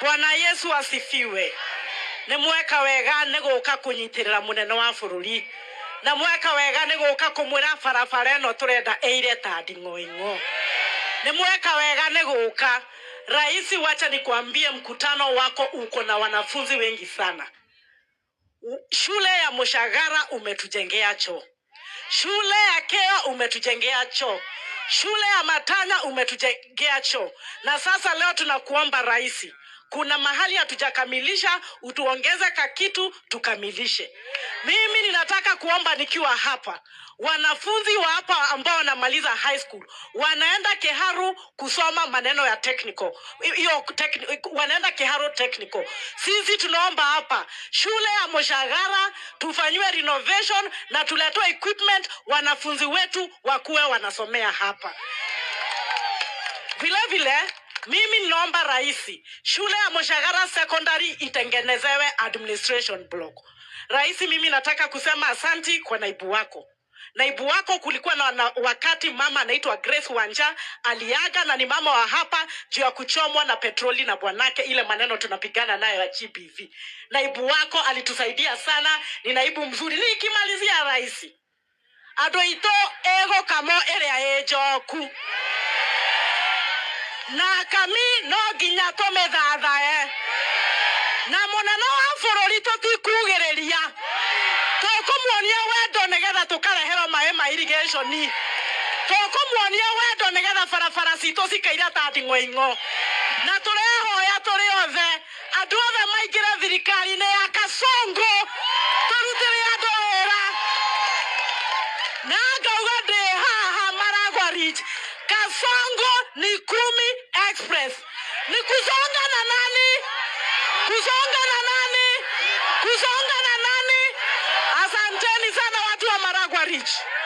Bwana Yesu asifiwe. Ni mweka wega ni guka kunyitirira munene wa bururi na mweka wega ni guka kumwira barabara no turenda eire ta nding'o ing'o. Ni mweka wega ni guka Raisi, wacha nikwambie, mkutano wako uko na wanafunzi wengi sana. Shule ya Mushagara umetujengea choo, shule ya Kea umetujengea choo Shule ya Matanya umetujengea choo, na sasa leo tunakuomba rais, kuna mahali hatujakamilisha, utuongeze ka kitu tukamilishe. Mimi ninataka kuomba nikiwa hapa, wanafunzi wa hapa ambao wanamaliza high school wanaenda Keharu kusoma maneno ya technical, hiyo wanaenda Keharu technical. Sisi tunaomba hapa shule ya Moshagara tufanyiwe renovation na tuletoe equipment, wanafunzi wetu wakuwe wanasomea hapa vile vile mimi ninaomba rais, shule ya Moshagara Secondary itengenezewe administration block. Rais, mimi nataka kusema asanti kwa naibu wako naibu wako kulikuwa na wakati mama anaitwa Grace Wanja aliaga na ni mama wa hapa juu ya kuchomwa na petroli na bwanake, ile maneno tunapigana nayo ya GBV. Naibu wako alitusaidia sana, ni naibu mzuri. Nikimalizia rais adoito ego kamo ere ya ejoku na kami no nginya tũmĩthathae na mũnene wa bũrũri tũtikugĩrĩria tũkũmuonia wendo nĩgetha tũkareherwo maĩ ma irrigation tũkũmuonia wendo nĩgetha barabara citũ cikaira ta nding'oing'o na tũrehoya tũrĩ othe andũ othe maingĩre thirikari-inĩ ya kasongo tũrutĩre andũ wĩra na ngauga ndĩ haha maragwa rich kasongo ni Kumi Express. Ni kuzonga na nani? Kuzonga na nani? Kuzonga na nani? Asanteni sana watu wa Maragwa Ridge.